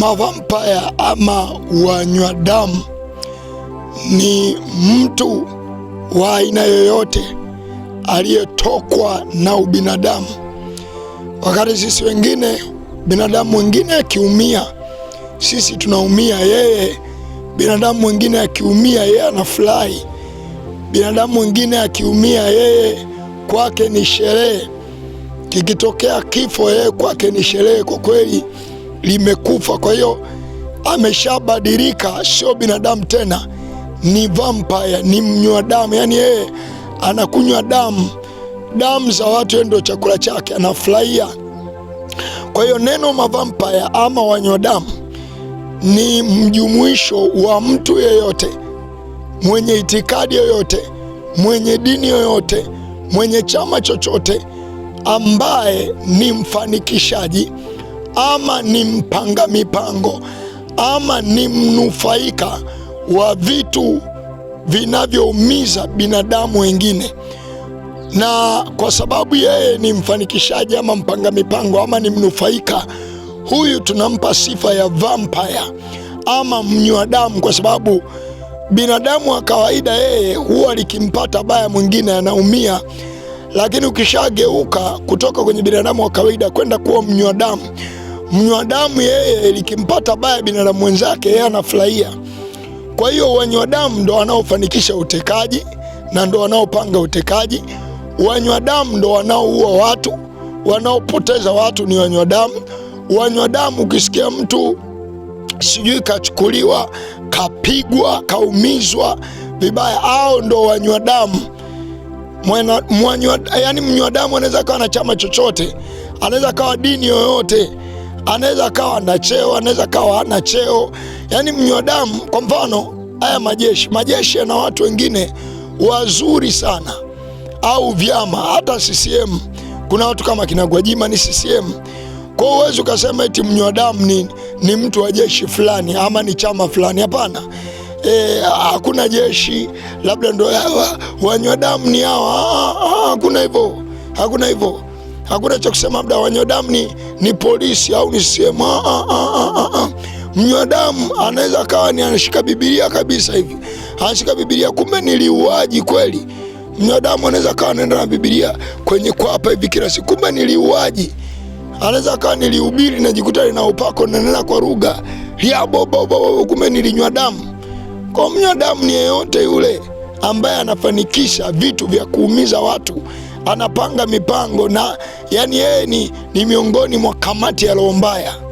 mavampaya ama wanywa damu ni mtu wa aina yoyote aliyetokwa na ubinadamu. Wakati sisi wengine, binadamu mwingine akiumia, sisi tunaumia, yeye binadamu mwingine akiumia, yeye anafurahi. Binadamu mwingine akiumia, yeye kwake ni sherehe. Kikitokea kifo, yeye kwake ni sherehe. Kwa kweli limekufa. Kwa hiyo ameshabadilika, sio binadamu tena, ni vampire, ni mnywa damu. Yani yeye anakunywa damu, damu za watu, ndio chakula chake, anafurahia. Kwa hiyo neno mavampire ama wanywa damu ni mjumuisho wa mtu yeyote mwenye itikadi yoyote, mwenye dini yoyote, mwenye chama chochote ambaye ni mfanikishaji ama ni mpanga mipango ama ni mnufaika wa vitu vinavyoumiza binadamu wengine, na kwa sababu yeye ni mfanikishaji ama mpanga mipango ama ni mnufaika, huyu tunampa sifa ya vampire ama mnywa damu, kwa sababu binadamu wa kawaida yeye huwa likimpata baya mwingine anaumia, lakini ukishageuka kutoka kwenye binadamu wa kawaida kwenda kuwa mnywa damu mnywadamu yeye likimpata baya binadamu mwenzake yeye anafurahia. Kwa hiyo wanywa damu ndo wanaofanikisha utekaji na ndo wanaopanga utekaji. wanywadamu ndo wanaoua watu, wanaopoteza watu ni wanywadamu wanywadamu ukisikia mtu sijui kachukuliwa, kapigwa, kaumizwa vibaya, au ndo wanywadamu damu. yani anaweza kawa na chama chochote, anaweza kawa dini yoyote anaweza akawa na cheo, anaweza akawa hana cheo, yaani mnywa damu. Kwa mfano haya majeshi, majeshi yana watu wengine wazuri sana, au vyama, hata CCM kuna watu kama kina Gwajima ni CCM. Kwa hiyo huwezi ukasema eti mnywa damu ni, ni mtu wa jeshi fulani ama ni chama fulani, hapana. E, hakuna jeshi labda ndo wanywa damu ni hawa, ah, ah, hakuna hivyo, hakuna hivyo. Hakuna cha kusema labda wanywa damu ni, ni polisi au ni sehemu. Ah, ah, ah, mnywa damu anaweza akawa ni anashika Bibilia kabisa hivi, anashika Bibilia, kumbe niliuaji kweli. Mnywa damu anaweza akawa anaenda na Bibilia kwenye kwapa hivi kila siku, kumbe niliuaji. Anaweza akawa nilihubiri, najikuta lina upako, nanena kwa lugha liabobobobo, kumbe nilinywa damu. Kwa mnywa damu ni yeyote yule ambaye anafanikisha vitu vya kuumiza watu anapanga mipango na yani yeye ni, ni miongoni mwa kamati ya roho mbaya.